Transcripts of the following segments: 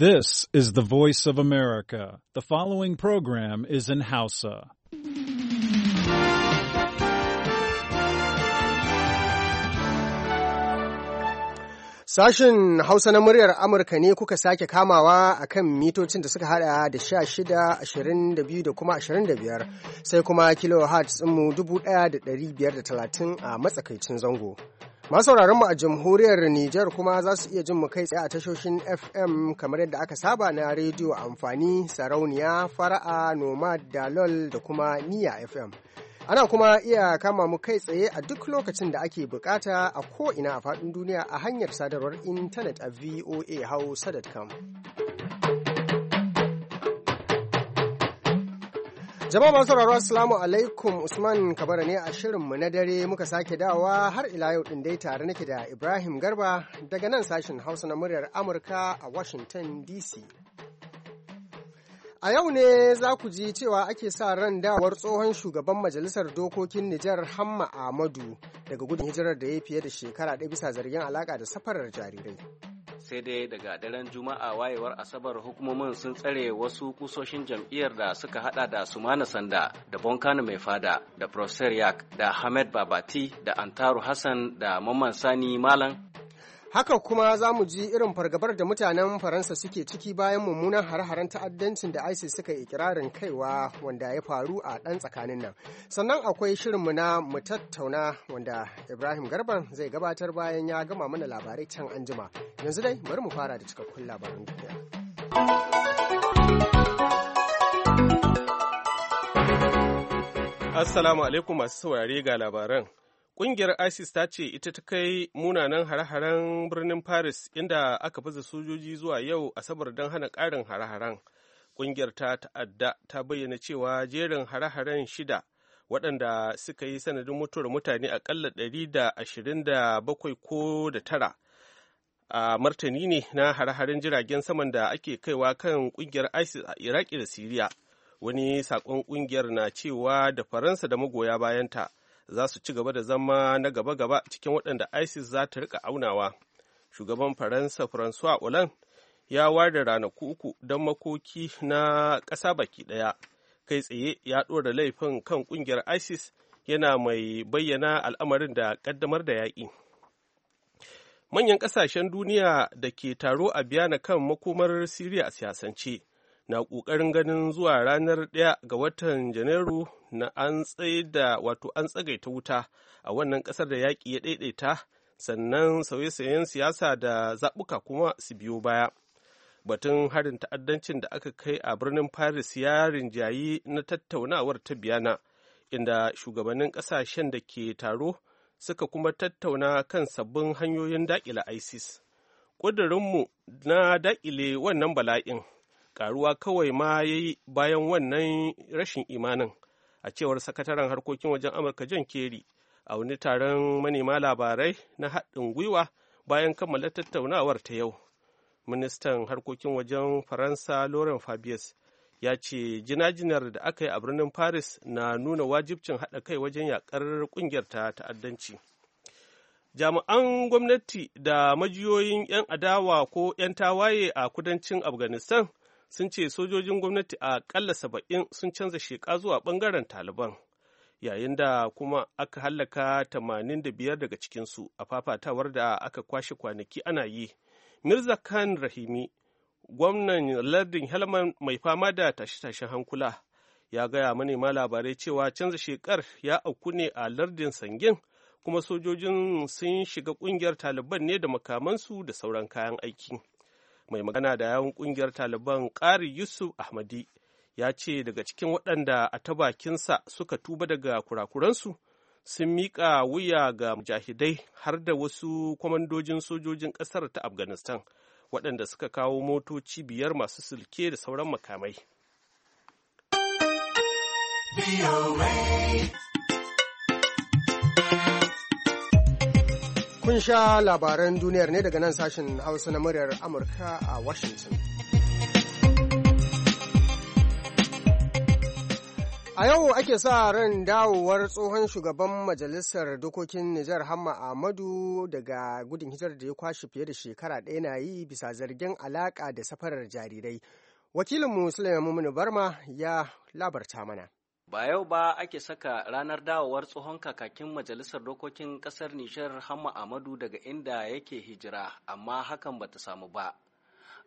This is the voice of America. The following program is in Hausa. Sashen Hausa na muryar Amurka ne kuka sake kamawa a kan mitocin da suka hada da sha shida, ashirin da biyu da kuma ashirin da biyar, sai kuma kilohertz ɗinmu dubu ɗaya da ɗari biyar da talatin a matsakaicin zango. Masauraran mu a jamhuriyar Nijar kuma za su iya jin mu kai tsaye a tashoshin FM kamar yadda aka saba na rediyo amfani sarauniya fara'a nomad dalol da kuma niya FM. Ana kuma iya kama mu kai tsaye a duk lokacin da ake bukata a ko'ina a faɗin duniya a hanyar sadarwar intanet a voa hausa.com. Jama'a masu sauraro Assalamu alaikum Usman Kabara ne a shirinmu na dare muka sake dawa har ila yau din dai tare nake da Ibrahim Garba daga nan sashen Hausa na muryar Amurka a Washington DC. A yau ne za ku ji cewa ake sa ran dawar tsohon shugaban Majalisar Dokokin Nijar Hamma Ahmadu daga gudun hijirar da ya fiye da shekara ɗaya bisa zargin alaƙa da safarar jarirai. sai dai daga daren juma'a wayewar asabar hukumomin sun tsare wasu kusoshin jam'iyyar da suka hada da sumana sanda da bonkano mai fada da professor yak da hamed babati da antaru hassan da mamman sani malam Haka kuma za mu ji irin fargabar da mutanen Faransa suke ciki bayan mummunan har-haren ta'addancin da ISIS suka yi ikirarin kaiwa wanda ya faru a ɗan tsakanin nan. Sannan akwai shirin mu na mu tattauna wanda Ibrahim Garban zai gabatar bayan ya gama mana labarai can anjima. Yanzu dai bari mu fara da cikakkun labaran duniya. Assalamu alaikum masu saurari ga labaran. Ƙungiyar ISIS ta ce ita ta kai munanan hare-haren birnin Paris inda aka baza sojoji zuwa yau Asabar don hana ƙarin hare-haren. Ƙungiyar ta ta'adda ta bayyana cewa jerin hare-haren shida waɗanda suka yi sanadin mutuwar mutane aƙalla 127 ko da tara. a martani ne na hare jiragen saman da ake kaiwa kan ƙungiyar isis a iraki da siriya wani saƙon ƙungiyar na cewa da faransa da magoya bayanta za su ci gaba da zama na gaba-gaba cikin waɗanda isis za ta rika aunawa shugaban faransa francois hollande ya ware ranaku uku don makoki na ƙasa baki ɗaya kai tsaye ya ɗora laifin kan ƙungiyar isis yana mai bayyana al'amarin da ƙaddamar da yaƙi manyan ƙasashen duniya da ke taro a biyana kan makomar siriya a siyasance na ƙoƙarin ganin zuwa ranar ɗaya ga watan janairu na an da wato an tsagaita wuta a wannan ƙasar da yaƙi ya ɗaiɗaita sannan sauye-sauyen siyasa da zaɓuka kuma su biyo baya. Batun harin ta'addancin da aka kai a birnin Paris ya rinjayi na tattaunawar ta biyana, inda shugabannin ƙasashen da ke taro suka kuma tattauna kan sabbin hanyoyin daƙile ISIS. Ƙudurinmu na daƙile wannan bala'in, ƙaruwa kawai ma ya yi bayan wannan rashin imanin. a cewar sakataren harkokin wajen amurka jan kerry a wani taron manema labarai na haɗin gwiwa bayan kammala tattaunawar ta yau ministan harkokin wajen faransa laurent fabius ya ce jinajinar da aka yi a birnin paris na nuna wajibcin haɗa kai wajen yaƙar ƙungiyar ta ta'addanci jami'an gwamnati da majiyoyin 'yan adawa ko 'yan tawaye a kudancin afghanistan sun ce sojojin gwamnati a ƙalla saba'in sun canza sheƙa zuwa ɓangaren taliban yayin da kuma aka hallaka tamanin da biyar daga cikinsu a fafatawar da aka kwashe kwanaki ana yi mirza khan rahimi gwamnan lardin helman mai fama da tashe-tashen hankula ya gaya manema labarai cewa canza shekar ya auku ne a lardin sangin kuma sojojin sun shiga kungiyar taliban ne da makamansu da sauran kayan aiki mai magana da yawun kungiyar taliban ƙari yusuf ahmadi ya ce daga cikin waɗanda a ta bakinsa suka tuba daga kurakuransu sun miƙa wuya ga mujahidai har da wasu kwamandojin sojojin ƙasar ta afghanistan waɗanda suka kawo motoci biyar masu sulke da sauran makamai kun sha labaran duniyar ne daga nan sashen Hausa na muryar Amurka a Washington. A yau ake sa ran dawowar tsohon shugaban majalisar dokokin Nijar Hamma Ahmadu daga gudun hijirar da ya kwashe fiye da shekara ɗaya na yi bisa zargin alaƙa da safarar jarirai. Wakilinmu Sulaiman mummuni Barma ya labarta mana. Ba yau ba ake saka ranar dawowar tsohon kakakin Majalisar Dokokin Ƙasar nishar Hamma Amadu daga inda yake hijira, amma hakan bata samu ba.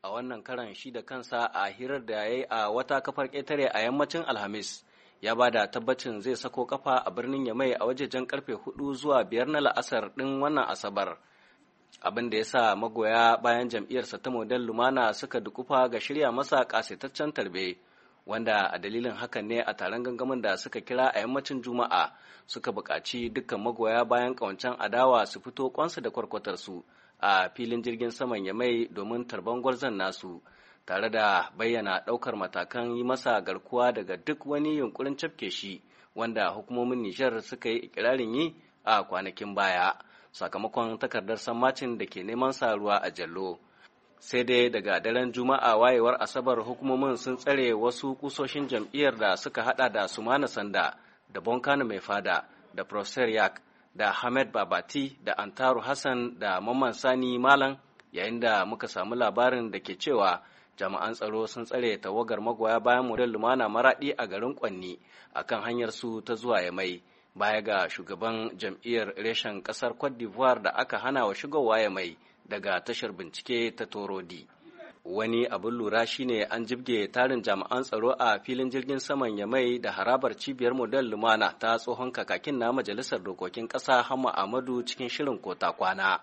A wannan karan shi da kansa a hirar da ya yi a wata kafar ƙetare a yammacin Alhamis, ya ba da tabbacin zai sako kafa a birnin Yamai a wajejen karfe huɗu zuwa biyar na la'asar ɗin wannan Asabar. Abin da ya sa magoya bayan jam'iyyarsa ta Model Lumana suka dukufa ga shirya masa ƙasaitaccen tarbe. wanda a dalilin hakan ne a taron gangamin da suka kira a yammacin juma'a suka buƙaci dukkan magoya bayan ƙawancen adawa su fito kwansu da kwarkwatarsu a filin jirgin saman ya mai domin tarban gwarzon nasu tare da bayyana ɗaukar matakan yi masa garkuwa daga duk wani yunkurin cafke shi wanda hukumomin nijar suka yi ikirarin yi a kwanakin baya sakamakon takardar sammacin da ke neman saruwa a jallo. sai dai daga daren juma'a wayewar asabar hukumomin sun tsare wasu kusoshin jam'iyyar da suka hada da sumana sanda da bonkano mai fada da professor yak da hamed babati da antaru hassan da mamman sani malam yayin da muka samu labarin da ke cewa jami'an tsaro sun tsare tawagar magoya bayan model lumana maradi a garin kwanni akan hanyar su ta zuwa ya mai baya ga shugaban jam'iyyar reshen kasar cote d'ivoire da aka hana wa shigowa ya mai daga tashar bincike ta torodi wani abin lura shine an jibge tarin jami'an tsaro a filin jirgin saman yamai da harabar cibiyar model lumana ta tsohon kakakin na majalisar dokokin ƙasa hama amadu cikin shirin kota kwana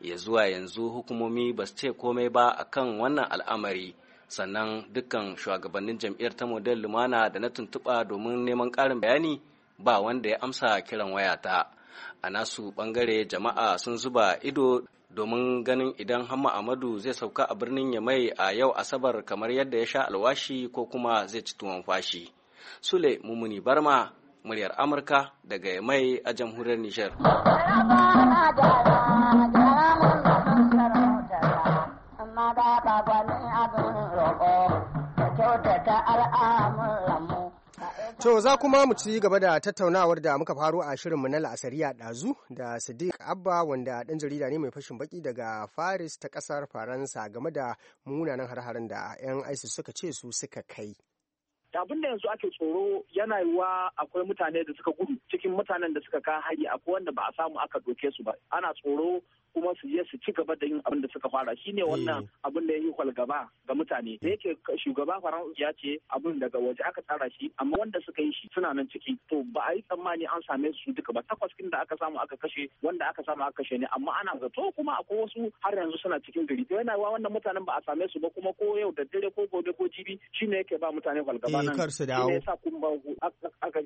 ya zuwa yanzu hukumomi ba su ce komai ba akan wannan al'amari sannan dukkan shugabannin jam'iyyar ta model lumana da na tuntuɓa domin neman ƙarin bayani ba wanda ya amsa kiran wayata a nasu ɓangare jama'a sun zuba ido domin ganin idan hamma amadu zai sauka a birnin yamai a yau asabar kamar yadda ya sha alwashi ko kuma zai ci tuwon fashi sule mumuni barma muryar amurka daga yamai a jamhuriyar nijar amma ba ba To za kuma mu ci gaba da tattaunawar da muka faro a shirin mu na la'asari la'asariya ɗazu da Sadiq Abba wanda ɗan jarida ne mai fashin baki daga Paris ta ƙasar Faransa game da munanan har-haren da 'yan ISIS suka ce su suka kai. abin da yanzu ake tsoro yana yiwa akwai mutane da suka gudu cikin mutanen da suka ka hari akwai wanda ba a samu aka doke su ba ana tsoro kuma su je su ci gaba da yin abin da suka fara ne wannan eh. abin da ya yi kwalgaba ga mutane da yake shugaba faran ya ce abin daga waje aka tsara shi amma wanda suka yi shi suna nan ciki to ba a yi tsammani an same su duka ba takwas kin da aka samu aka kashe wanda aka samu aka kashe ne amma ana zato kuma akwai wasu har yanzu suna cikin gari to yana wannan mutanen ba a same su ba kuma ko yau da dare ko gobe ko jibi shine yake ba mutane kwalgaba eh, nan kar su dawo yasa kuma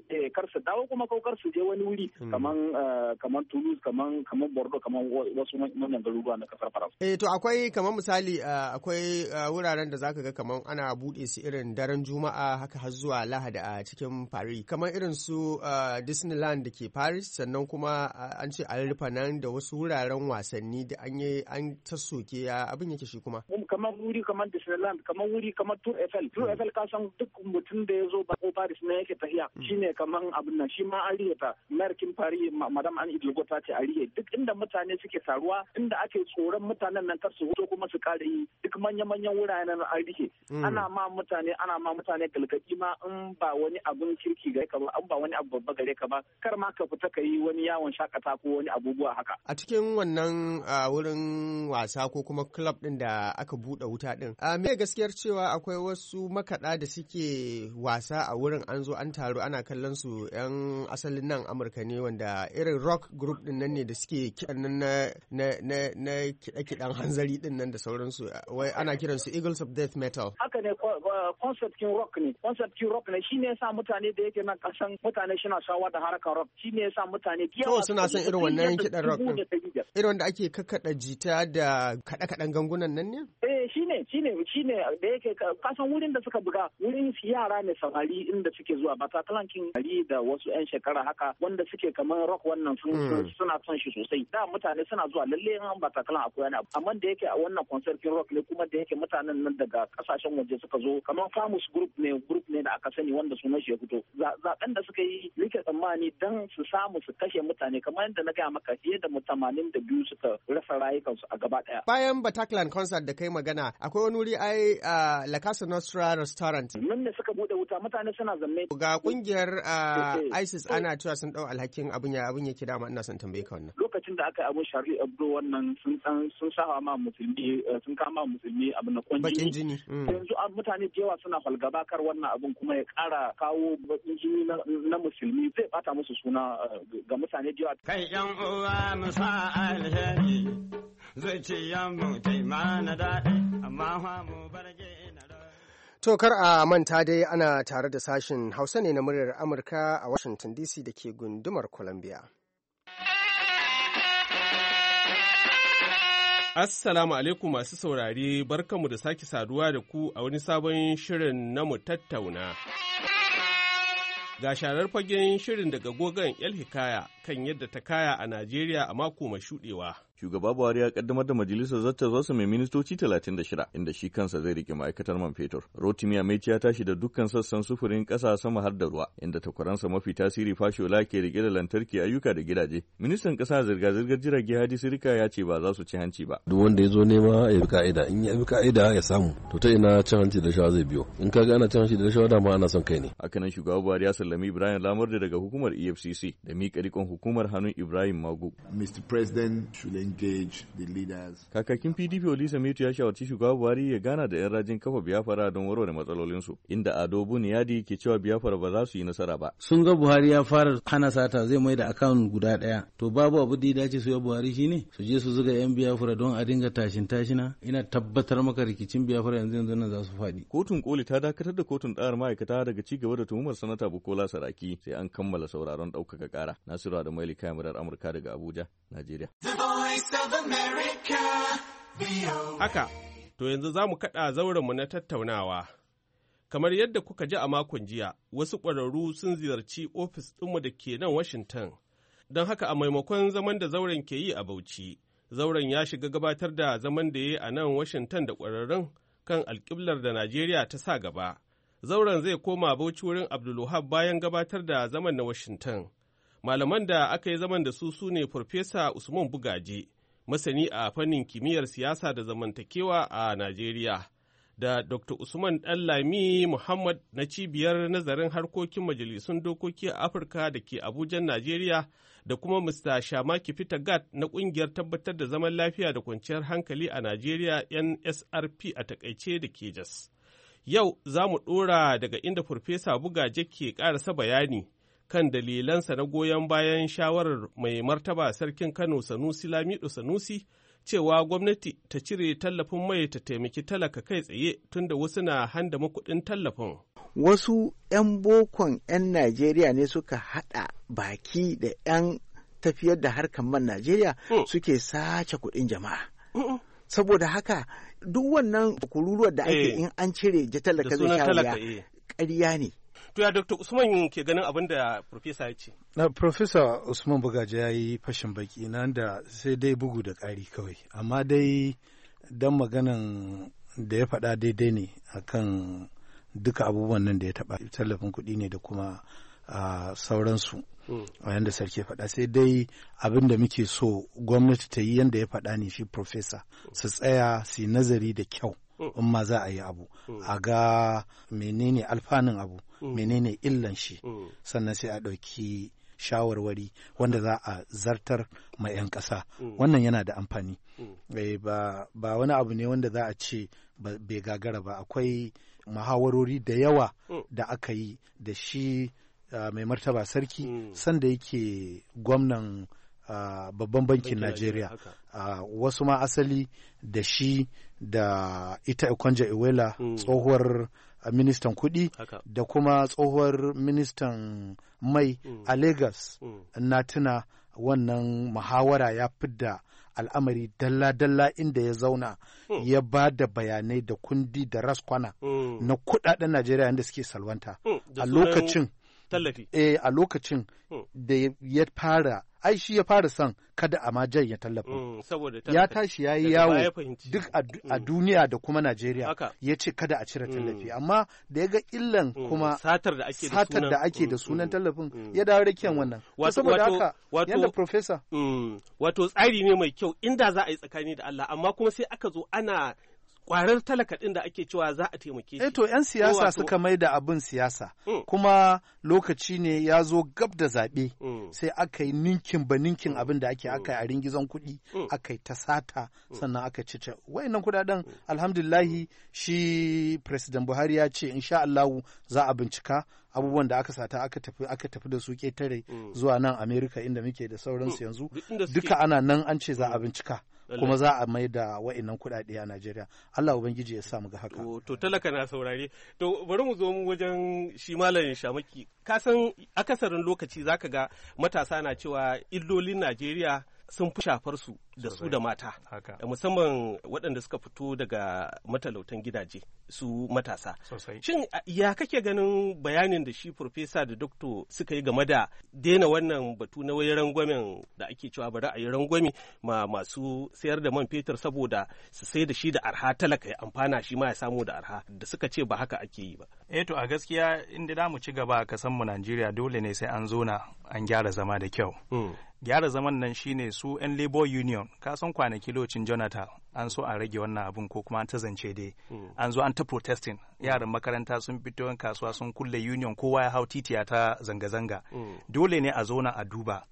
eh, kar su dawo kuma ko kar su je wani wuri hmm. kaman kaman Toulouse kaman kaman Bordeaux kaman wasu su manyan garuruwa na kasar faransa eh to akwai kamar misali eh, akwai eh, wuraren da zaka ga kamar ana buɗe su irin daren juma'a haka har zuwa lahadi a cikin paris kamar irin su eh, disneyland da ke paris sannan kuma an ce an rufe nan da wasu wuraren wasanni da an yi an tassoke abin yake shi kuma kamar wuri kamar Disneyland kamar wuri kamar Tour Eiffel Tour Eiffel hmm. ka san duk mutum da ya zo ba ko Paris ne yake tafiya hmm. shine kamar abin nan shi ma Ariya ta Merkin Paris madam an Hidalgo ta ce a duk inda mutane suke taruwa inda ake tsoron mutanen nan kar su hoto kuma su kare yi duk manya-manyan wuraren nan an rihe hmm. ana ma mutane ana ma mutane galgadi ma in ba wani abun kirki gare ka ba an ba wani abu babba gare ka ba kar ma ka fita ka yi wani yawon shakata ko wani abubuwa haka a cikin wannan ah, wurin wasa ko kuma club din da aka buɗe wuta ɗin. A me gaskiyar cewa akwai wasu makaɗa da suke wasa a wurin an zo an taru ana kallon su ƴan asalin nan Amurka ne wanda irin rock group ɗin nan ne da suke kiɗan nan na kiɗe-kiɗen hanzari ɗin nan da sauransu wai ana kiran su Eagles of Death Metal. Haka ne concept kin rock ne concept kin rock ne shine yasa mutane da yake nan kasan mutane suna shawa da harkar rock shine yasa mutane to suna son irin wannan kiɗan rock irin wanda ake kakkaɗa jita da kaɗe-kaɗen gangunan nan ne? Eh shi ne shi ne da yake kasan wurin da suka buga wurin yara ne samari inda suke zuwa ba talankin gari da wasu yan shekara haka wanda suke kamar rock wannan sun hmm. suna son shi sosai da mutane suna zuwa lalle an ba takalan akwai wani amma da yake a wannan concertin rock ne kuma da yake mutanen nan daga kasashen waje suka zo kamar famus group ne group ne da aka sani wanda sunan shi ya fito zaben da suka yi nake tsammani dan su samu su kashe mutane kamar yadda na gaya maka fiye da mutane tamanin da biyu suka rasa rayukansu a gaba daya bayan bataclan concert da kai magana magana akwai wani wuri ai a La Casa Nostra restaurant. Nan ne suka bude wuta mutane suna zanne. Ga kungiyar eh, eh. ISIS ana cewa sun dau alhakin abin ya abin yake ina son tambaye ka wannan. Lokacin da aka yi abin Charlie wannan sun san sun sa ma musulmi eh, sun kama musulmi abin na kwanji. Bakin jini. Mm. Yanzu mutane da yawa suna falgaba kar wannan abin kuma ya kara kawo bakin jini na musulmi zai bata musu suna ga mutane da yawa. Kai yan uwa musa alheri zai zuciyan mu taimana daɗi. To kar a manta dai ana tare da sashin Hausa ne na muryar Amurka a Washington DC da ke gundumar Columbia. Assalamu alaikum masu saurare barkamu da sake saduwa da ku a wani sabon shirin na mu tattauna. Ga sharar fagen shirin daga gogon El Hikaya kan yadda ta kaya a Najeriya a mako mai shuɗewa. shugaba buhari ya kaddamar da majalisar zasu mai ministoci 36 inda shi kansa zai rike ma'aikatar man fetur rotimi mai ya tashi da dukkan sassan sufurin kasa sama har da ruwa inda takwaransa mafi tasiri fashola ke rike da lantarki ayyuka da gidaje ministan kasa zirga-zirgar jirage hadi sirika ya ce ba za su ci hanci ba duk wanda ya zo nema ya bi ka'ida in ya bi ka'ida ya samu to ta ina cin hanci da rashawa zai biyo in ka ga ana cin hanci da rashawa dama ana son kai ne hakanan shugaba buhari ya sallami ibrahim Lamar daga hukumar efcc da miƙa rikon hukumar hannun ibrahim magu mr president engage Kakakin PDP Olisa Metu ya shawarci shugaba Buhari ya gana da 'yan rajin kafa Biafra don warware matsalolinsu, inda Ado Buniyadi ke cewa Biafra ba za su yi nasara ba. Sun ga Buhari ya fara hana sata zai mai da akawun guda ɗaya. To babu abu da ya dace su ya Buhari shi ne? su je su zuga 'yan Biafra don a dinga tashin tashina ina tabbatar maka rikicin Biafra yanzu yanzu nan za su faɗi. Kotun koli ta dakatar da kotun ɗayar ma'aikata daga ci gaba da tuhumar sanata Bukola Saraki sai an kammala sauraron ɗaukaka ƙara. Nasiru Adamu Ali kayan Amurka daga Abuja, Najeriya. Haka, to yanzu za mu kaɗa zaurenmu na tattaunawa. Kamar yadda kuka ji a makon jiya, wasu ƙwararru sun ziyarci ofis ɗinmu da ke nan Washington. Don haka a maimakon zaman da zauren ke yi a Bauchi, zauren ya shiga gabatar da zaman da ya yi a nan Washington da ƙwararrun kan alƙiblar da Najeriya ta sa gaba. Zauren zai koma Bauchi wurin Abdulwahab bayan gabatar da zaman na Washington. Malaman da aka yi zaman da su su ne Farfesa Usman Bugaje, masani a fannin kimiyyar siyasa da zamantakewa a Najeriya, da Dr. Usman Ɗanlami Muhammad na cibiyar nazarin harkokin majalisun dokoki a Afirka da ke Abuja, Najeriya, da kuma Mr. Shamaki Peter Gat na ƙungiyar tabbatar da zaman lafiya da kwanciyar hankali a Najeriya NSRP a takaice da ke Jos. Yau za mu ɗora daga inda Farfesa Bugaje ke ƙarasa bayani kan dalilansa na goyon bayan shawarar mai martaba sarkin Kano Sanusi Lamido Sanusi cewa gwamnati ta cire tallafin mai ta taimaki talaka kai tsaye tunda wasu na handa makuɗin tallafin. Wasu 'yan bokon 'yan Najeriya ne suka haɗa baki da 'yan tafiyar da harkar man Najeriya mm. suke sace kuɗin jama'a. Saboda haka duk wannan kururuwar da ake eh. in an cire talaka zai sha eh. ƙarya ne. To ya Dr. Usman ke ganin abin da Profesa ya ce? Na Profesa Usman Bugaje ya yi fashin baki nan da sai dai bugu da ƙari kawai. Amma dai don maganan da ya faɗa daidai ne kan duka abubuwan nan da ya taɓa tallafin kuɗi ne da kuma sauransu. Hmm. a yadda sarki faɗa sai dai abin da muke so gwamnati ta yi yadda ya faɗa ne shi profesa su tsaya su yi nazari da kyau in ma za a yi abu a ga menene alfanun abu menene illan shi sannan sai a ɗauki shawarwari wanda za a zartar ma 'yan ƙasa wannan yana da amfani eh, ba wani abu ne wanda za a ce bai gagara ba akwai muhawarori da yawa da aka yi da shi ah, mai martaba sarki mm. sanda yake gwamnan babban bankin Najeriya wasu ma asali da shi da ita Ikonja Iwela hmm. tsohuwar ministan kuɗi da kuma tsohuwar ministan mai hmm. a Lagos hmm. na tuna wannan muhawara ya fidda al'amari dalla-dalla inda ya zauna ya ba da bayanai da kundi da raskwana na kudaden Najeriya inda suke salwanta a lokacin tallafi eh a lokacin oh. da ya fara ai shi ya fara son kada a majan ya tallafa oh, ya tashi ya yi yawo duk a hmm. duniya da kuma najeriya ya ce kada a cire tallafi hmm. amma da ya ga illan hmm. kuma satar da ake da sunan tallafin ya dawo rakiyar wannan saboda haka yadda profesa wato tsari ne mai kyau inda za a yi tsakani da allah amma kuma sai aka zo ana kwarar talaka ɗin da ake cewa za a taimake shi. Eh to 'yan siyasa suka mai da abin siyasa mm. kuma lokaci ne ya zo gab da zaɓe mm. sai aka yi ninkin ba ninkin mm. abin da ake aka yi a ringizan kuɗi aka yi ta sata sannan aka cice nan kuɗaɗen alhamdulahi shi president buhari ya ce sha Allah za a bincika abubuwan da aka sata aka tafi aka tafi da su ketare zuwa nan Amerika inda muke da sauransu yanzu duka ana nan an ce za a bincika kuma za a mai da wa'annan kuɗaɗe a Najeriya Allah ubangiji ya sa mu ga haka to talaka na saurare to bari mu zo mu wajen shi malamin Shamaki ka san akasarin lokaci zaka ga matasa na cewa illolin Najeriya sun fi shafar su da su da mata da musamman waɗanda suka fito daga matalautan gidaje su matasa shin ya kake ganin bayanin da shi profesa da doktor suka yi game da daina wannan batu na wayar rangwamen da ake cewa bari a yi rangwame ma masu sayar da man fetur saboda su sai da shi da arha talaka ya amfana shi ma ya samu da arha da suka ce ba haka ake yi ba eh to a gaskiya inda za mu ci gaba a kasanmu Najeriya dole ne sai an zo na an gyara zama da kyau hmm. gyara zaman nan shine su 'yan labor union kasan kwanaki lokacin jonathan an so a rage wannan abun ko kuma an ta zance dai hmm. an zo an ta protesting yaran makaranta sun fito yan kasuwa sun kulle union kowa ya hau titiya ta zanga-zanga hmm. dole ne a zauna a duba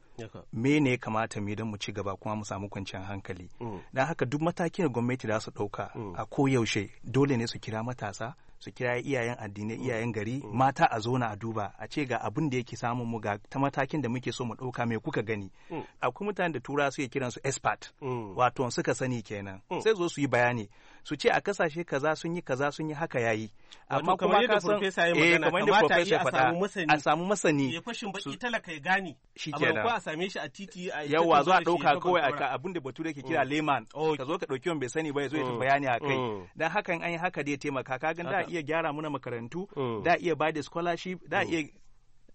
me ne ya kamata mu don mu ci gaba kuma mu samu kwanciyar hankali hmm. don haka duk matakin gwamnati da su ɗauka a koyaushe dole ne su kira matasa su kira iyayen addinai mm. iyayen gari mm. mata a zona a duba a ce ga abin da yake samun mu ga ta matakin da muke so mu ɗauka mai kuka gani mm. akwai mutane da tura suke kiransu expert wato suka sani kenan sai zo su yi bayani su ce a kasashe kaza sun yi kaza sun yi haka yayi amma kuma ka san eh kamar yadda professor faɗa a samu masani ya fashin baki talaka ya gane shikenan amma ko a same shi a titi a yawa zo a dauka kawai a abin da bature ke kira oh. layman oh. ka zo ka dauki wanda bai sani ba ya zo ya oh. bayani a kai dan hakan an yi haka dai taimaka ka ga da iya gyara muna makarantu da iya bada scholarship da iya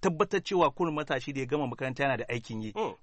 tabbatar cewa kullum matashi da ya gama makaranta yana da aikin yi. Hmm.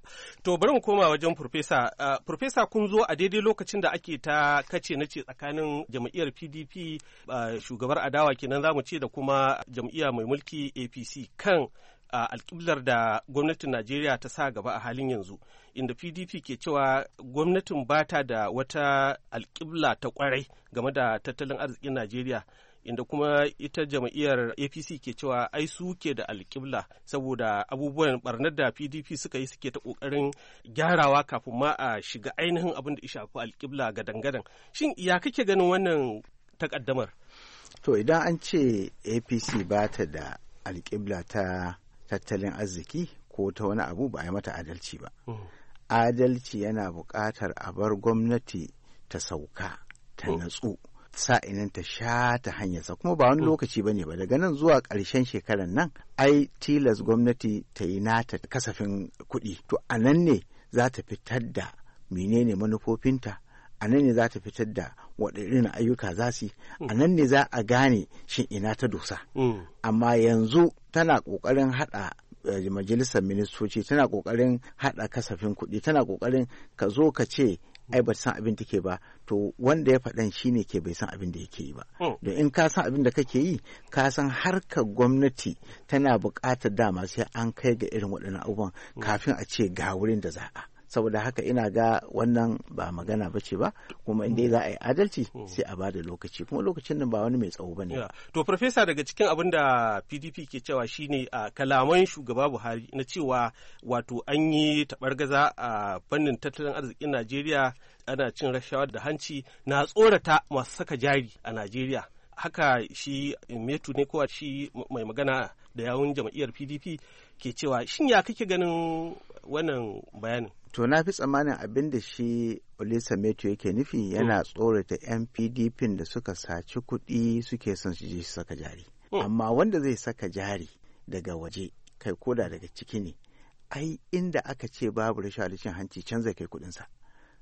To bari mu koma wajen Profesa. Uh, Profesa kun zo a daidai lokacin da ake ta kace na ce tsakanin jam'iyyar PDP uh, shugabar adawa kenan zamu ce da kuma jam'iyya mai mulki APC kan a uh, alkiblar da gwamnatin Najeriya ta sa gaba a halin yanzu inda PDP ke cewa gwamnatin bata da wata alkibla ta kwarai game da tattalin arzikin Najeriya inda kuma ita jam'iyyar apc ke cewa ai su ke da alkibla saboda abubuwan barnar da pdp suka yi suke ta ƙoƙarin gyarawa kafin ma a shiga ainihin abin da ishafi alkibla ga dangadan shin ya kake ganin wannan takaddamar to idan an ce apc ba ta da alkibla ta tattalin arziki ko ta wani abu ba a yi mata adalci ba hmm. adalci yana buƙatar a bar gwamnati ta sauka ta hmm. natsu inan ta sha ta hanyarsa kuma ba wani lokaci ba ne ba daga nan zuwa ƙarshen shekaran nan ai tilas gwamnati ta yi nata kasafin kuɗi to a nan ne za ta fitar da menene manufofinta a nan ne za ta fitar da waɗannan ayyuka za su a mm. nan ne za a gane shin ina ta dosa mm. amma yanzu tana ƙoƙarin haɗa eh, majalisar ministoci tana ƙoƙarin haɗa kasafin kuɗi tana ƙoƙarin ka zo ka ce ai ba san abin take ba to wanda ya faɗan shine ke bai san abin da yake yi ba hmm. don in ka san abin da kake yi ka san harkar gwamnati tana buƙatar dama sai an kai ga irin waɗannan abubuwan hmm. kafin a ce ga wurin da za a saboda haka ina ga wannan ba magana ba ce ba kuma inda za a yi adalci sai a ba lokaci kuma lokacin nan ba wani mai tsawo ba ne. to farfesa daga cikin abin da pdp ke cewa shine a kalaman shugaba buhari na cewa wato an yi taɓargaza a fannin tattalin arzikin najeriya ana cin rashawa da hanci na tsorata masu saka jari a najeriya haka shi metu ne kowa shi mai magana da yawun jam'iyyar pdp ke cewa shin ya kake ganin wannan bayanin to na fi tsammanin abin da shi olisa meto yake nufi yana tsorata yan pdp da suka saci kuɗi suke son su je su saka jari amma wanda zai saka jari daga waje kai koda daga ciki ne ai inda aka ce babu rashawar cin hanci canza kai kuɗinsa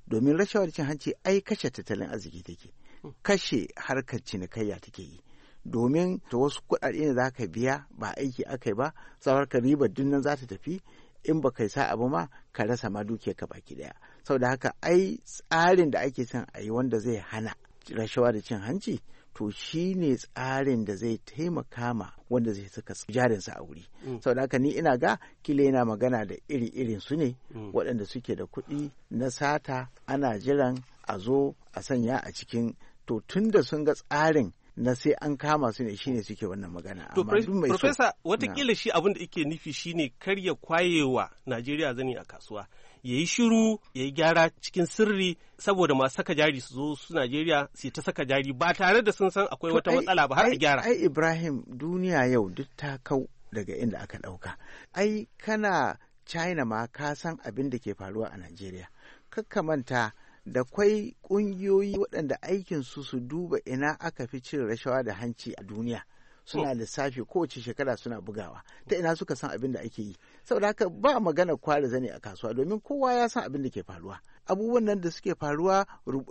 domin rashawar cin hanci ai kashe tattalin arziki take hmm. kashe harkar cinikayya take yi domin ta wasu kuɗaɗe ne za ka biya ba aiki aka yi ba tsawar ka ribar dinnan za ta tafi in ba kai sa abu ma ka rasa ma dukiyar ka baki daya saboda haka ai tsarin da ake son a yi wanda zai hana rashawa da cin hanci to shi ne tsarin da zai taimaka ma wanda zai jarin jarinsa a wuri mm. saboda haka ni ina ga kila yana magana da iri irin su ne mm. waɗanda suke da kuɗi na sata ana jiran a zo a sanya a cikin to tun da sun ga tsarin na sai an kama su ne shi ne suke wannan magana amma duk watakila shi abin da yake nufi shine karya kwayewa Najeriya zani a kasuwa ya yi shiru ya yi gyara cikin sirri saboda masu saka jari su zo su Najeriya su ta saka jari ba tare da sun san akwai wata matsala ba har a gyara ai Ibrahim duniya yau duk ta kau daga inda aka ɗauka. ai kana China ma ka san abin da ke faruwa a Najeriya kakka manta da kwai ƙungiyoyi waɗanda aikinsu su duba ina aka fi cin rashawa da hanci a duniya suna oh. lissafi kowace shekara suna bugawa ta ina suka san abin da ake yi saboda haka ba magana kwara zane a kasuwa domin kowa ya san abin da ke faruwa abubuwan nan da suke faruwa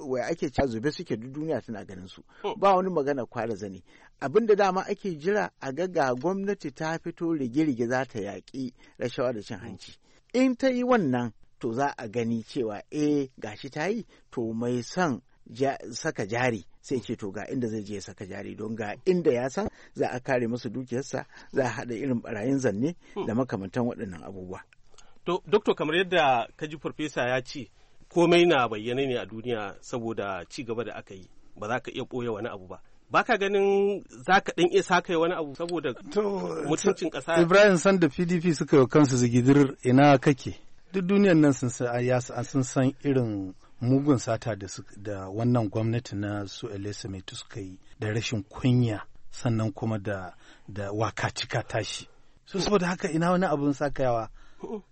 wai ake cewa zube suke duk duniya tana ganin su oh. ba wani magana kwara zane abin da dama ake jira a ga ga gwamnati ta fito rige-rige za ta yaƙi rashawa da cin oh. hanci in ta yi wannan to za a gani cewa eh gashi ta yi to mai son saka jari sai ce to ga inda zai je saka jari don ga inda ya san za a kare masa dukiyarsa za a haɗa irin barayin zanne hmm. da makamantan waɗannan abubuwa. To, Doktor kamar yadda kaji farfesa ya ce komai na bayyana ne a duniya saboda ci gaba da aka yi ba za ka iya ɓoye wani abu ba. Ba ka ganin za ka ɗan iya sakai wani abu saboda mutuncin ƙasa. Ibrahim Sanda PDP suka yi kansu zigidir ina kake. duk duniyan nan sun san irin mugun sata da wannan gwamnati na su mai suka yi da rashin kunya sannan kuma da da waka cika tashi so saboda haka ina wani abun sakayawa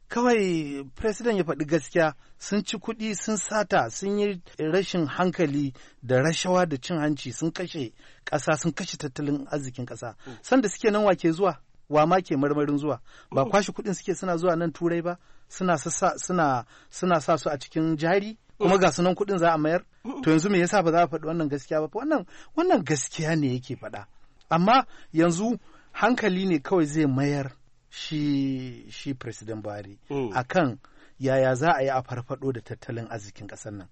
kawai president ya faɗi gaskiya sun ci kuɗi sun sata sun yi rashin hankali da rashawa da cin hanci sun kashe ƙasa sun kashe tattalin arzikin ƙasa sanda suke nan wake zuwa wa ma ke marmarin zuwa ba kwashe kuɗin suke suna zuwa nan turai ba suna suna suna sa su a cikin jari oh. kuma ga sunan kuɗin za a mayar oh. to yanzu me yasa ba za a faɗi wannan gaskiya ba wannan wannan gaskiya ne yake faɗa amma yanzu hankali ne kawai zai mayar shi shi president Buhari oh. akan yaya za a yi a farfado da tattalin arzikin ƙasar nan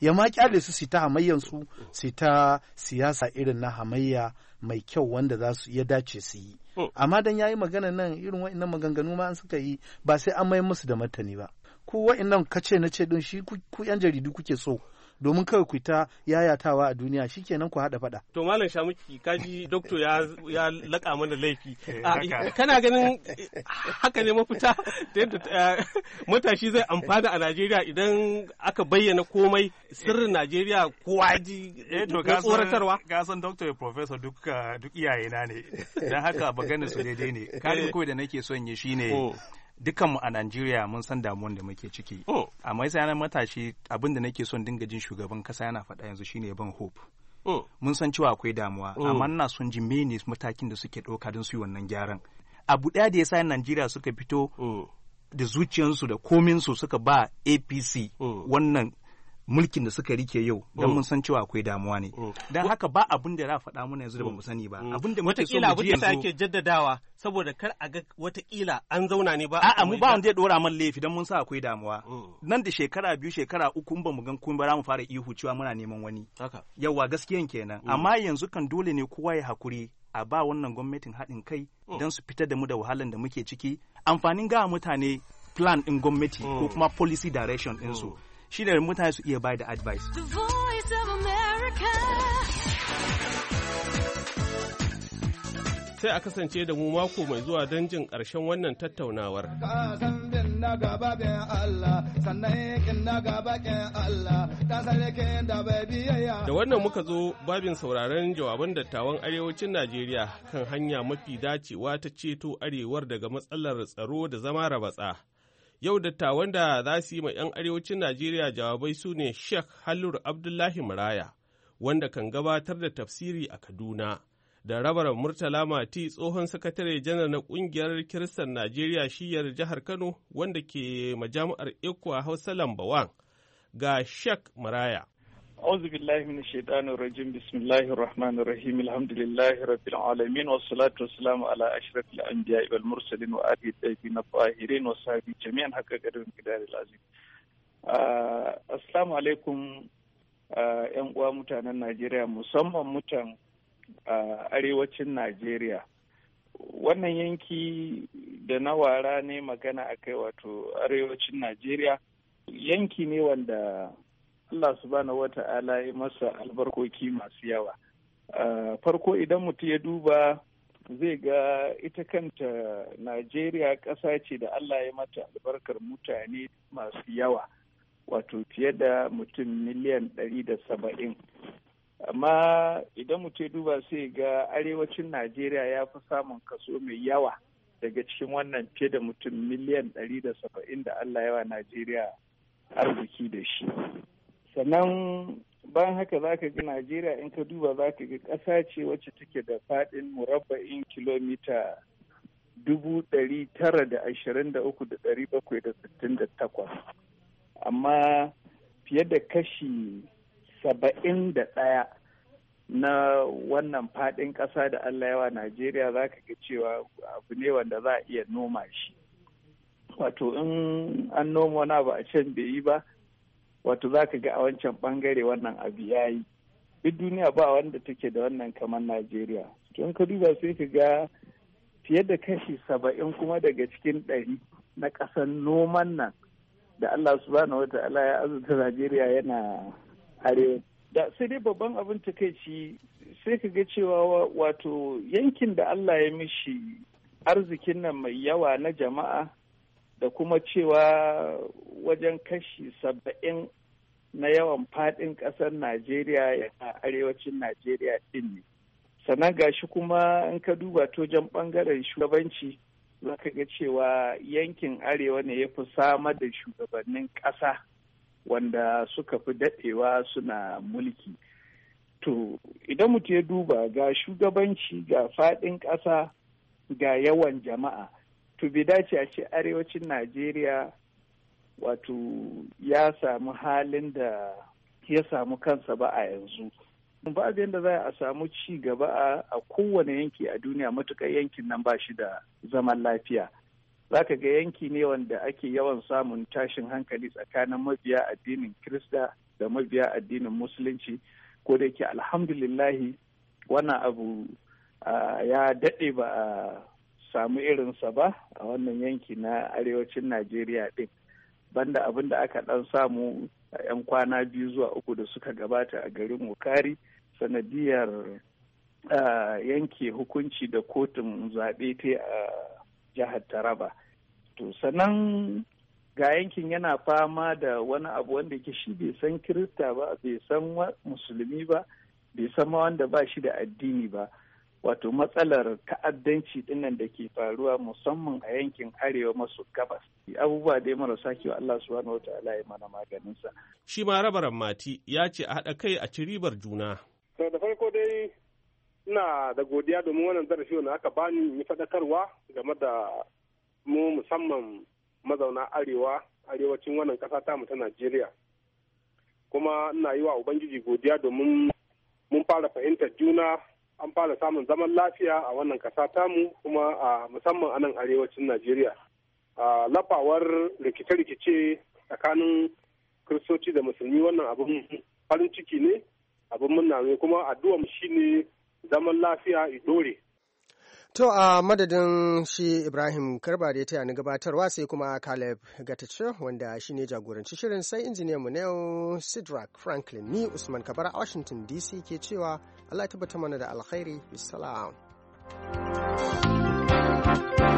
ya ma kyale su su ta hamayyan su su ta siyasa irin na hamayya mai kyau wanda za su ya dace su yi Oh. amma dan yayi magana nan irin wa'annan maganganu ma an suka yi ba sai an mai musu da martani ba ku wa'annan kace na ce din shi ku yan jaridu kuke so domin kawai ku ta yayatawa a duniya shi shikenan ku haɗa faɗa. To Malam Shamuki kaji doktor ya ya laƙa mana laifi. Kana ganin haka ne mafita ta yadda eh, matashi zai amfana a Najeriya idan aka bayyana komai sirrin Najeriya kowa ji eh, na tsoratarwa. Ga san doktor professor duk duk iyayena ne. Don haka bagana su daidai ne. Kalin kawai da nake son ya shine oh. dukanmu a Najeriya mun san damuwan da muke ciki. Oh. A matsayin matashi abin da nake son dinga jin shugaban kasa yana faɗa yanzu shine ban hope. Oh. Mun san cewa akwai damuwa, oh. amma ina son ji mene matakin da suke ɗauka don su yi wannan gyaran. Abu ɗaya da ya sa Najeriya suka fito oh. da zuciyansu da kominsu suka ba APC oh. wannan mulkin da suka rike yau don mm. mun san cewa akwai damuwa ne mm. don haka ba abin da za a faɗa mana yanzu da mm. bamu sani ba abin da muke so mu ji yanzu ake jaddadawa saboda kar a ga wataƙila an zauna ne ba a'a mu ba wanda ya dora man laifi don mun sa akwai damuwa nan da shekara biyu shekara uku ba mu gan kun ba mu fara ihu cewa muna neman wani yawa gaskiyan kenan amma yanzu kan dole ne kowa ya hakuri a ba wannan gwamnatin haɗin kai don su fitar da mu da wahalan da muke ciki amfanin ga mutane plan ɗin gwamnati ko kuma policy direction ɗinsu. su Shi ne mutane su iya ba da advice sai a kasance da mu mako mai zuwa don jin ƙarshen wannan tattaunawar. Da wannan muka zo babin sauraron jawaban dattawan arewacin Najeriya kan hanya mafi dacewa ta ceto arewar daga matsalar tsaro da zama rabatsa. Yau dattawan da za su yi ma 'yan arewacin Najeriya jawabai su ne Sheikh Halur Abdullahi Maraya, wanda kan gabatar da tafsiri a Kaduna, da rabar Murtala Mati tsohon sakatare janar na ƙungiyar Kiristan Najeriya shiyar jihar Kano wanda ke majami'ar ekwa Hausa Lambawan ga Sheikh Maraya. أعوذ بالله من الشيطان الرجيم بسم الله الرحمن الرحيم الحمد لله رب العالمين والصلاة والسلام على أشرف الأنبياء والمرسلين وآله الطيبين الطاهرين وصحبه جميعا حق قدر الكدار العظيم السلام عليكم ‘yan uwa mutanen Najeriya musamman mutan arewacin Najeriya wannan yanki da na wara ne magana akai wato arewacin Najeriya yanki ne wanda Allah su wata ala ya masa albarkoki masu yawa farko idan mutum ya duba zai ga ita kanta Najeriya ƙasa ce da Allah ya mata albarkar mutane masu yawa wato fiye da mutum miliyan ɗari da saba'in amma idan mutum ya duba sai ga arewacin Najeriya ya fi samun kaso mai yawa daga cikin wannan fiye da mutum miliyan ɗari da saba'in da Allah yawa Najeriya arziki da shi sannan bayan haka za ka ga najeriya in ka duba za ka ga ƙasa ce wacce take da faɗin murabba'in kilomita dubu ɗari tara da ashirin da uku da ɗari bakwai da sittin da takwas amma fiye da kashi saba'in da ɗaya na wannan faɗin ƙasa da Allah yawa Najeriya za ka ga cewa abu ne wanda za a iya noma shi. Wato in an noma wani abu a can bai yi ba, wato za ka ga a wancan bangare wannan abu ya yi duk duniya ba wanda take da wannan kamar najeriya don ka duba sai ka ga fiye da kashi saba'in kuma daga cikin ɗari na ƙasan noman nan da allah subhanahu Ala ya azurta najeriya yana arewa da sai dai babban abin takaici sai ka ga cewa wato yankin da allah ya mishi arzikin nan mai yawa na jama'a da kuma cewa wajen kashi saba'in na yawan fadin kasar najeriya yana arewacin najeriya din ne sannan gashi kuma in ka duba tojan bangaren shugabanci za ka ga cewa yankin arewa ne ya fi samar da shugabannin ƙasa wanda suka fi daɗewa suna mulki to idan mutu ya duba ga shugabanci ga fadin ƙasa ga yawan jama'a to bai dace a ce arewacin najeriya wato ya samu halin da ya samu kansa ba a yanzu ba yadda za a samu ci gaba a kowane yanki a duniya matukar yankin nan ba shi da zaman lafiya za ka ga yanki ne wanda ake yawan samun tashin hankali tsakanin mabiya addinin kirista da mabiya addinin musulunci ko da yake alhamdulillahi wannan abu ya daɗe ba a samu irinsa ba a wannan yanki na arewacin najeriya ɗin banda abin da aka ɗan samu a 'yan kwana biyu zuwa uku da suka gabata a garin wukari sanadiyar yanke hukunci da kotun zaɓe ta a jihar taraba to sannan ga yankin yana fama da wani abu wanda ke shi bai san kirista ba bai san musulmi ba bai san wanda ba shi da addini ba wato matsalar ta'addanci dinnan da ke faruwa musamman a yankin arewa maso gabas abubuwa dai marasa kyau Allah su wani wata ya mana maganinsa shi ma rabaran mati ya ce a haɗa kai a ci ribar juna to da farko dai ina da godiya domin wannan zarafi wanda aka bani ni faɗakarwa game da mu musamman mazauna arewa arewacin wannan ƙasa ta mu ta Najeriya kuma ina yi wa ubangiji godiya domin mun fara fahimtar juna an fara samun zaman lafiya a wannan kasa tamu kuma a musamman anan arewacin najeriya a lafawar rikice-rikice tsakanin kristoci da musulmi wannan abin farin ciki ne abin murna ne kuma addu'a shine zaman lafiya idore To a madadin shi Ibrahim Karba da ya taya ni gabatarwa sai kuma Caleb Gatacho wanda shi ne jagoranci shirin sai injiniyan mu yau Sidrak Franklin ni Usman Kabara a Washington DC ke cewa Allah ya tabbata mana da alkhairi bisalam. thank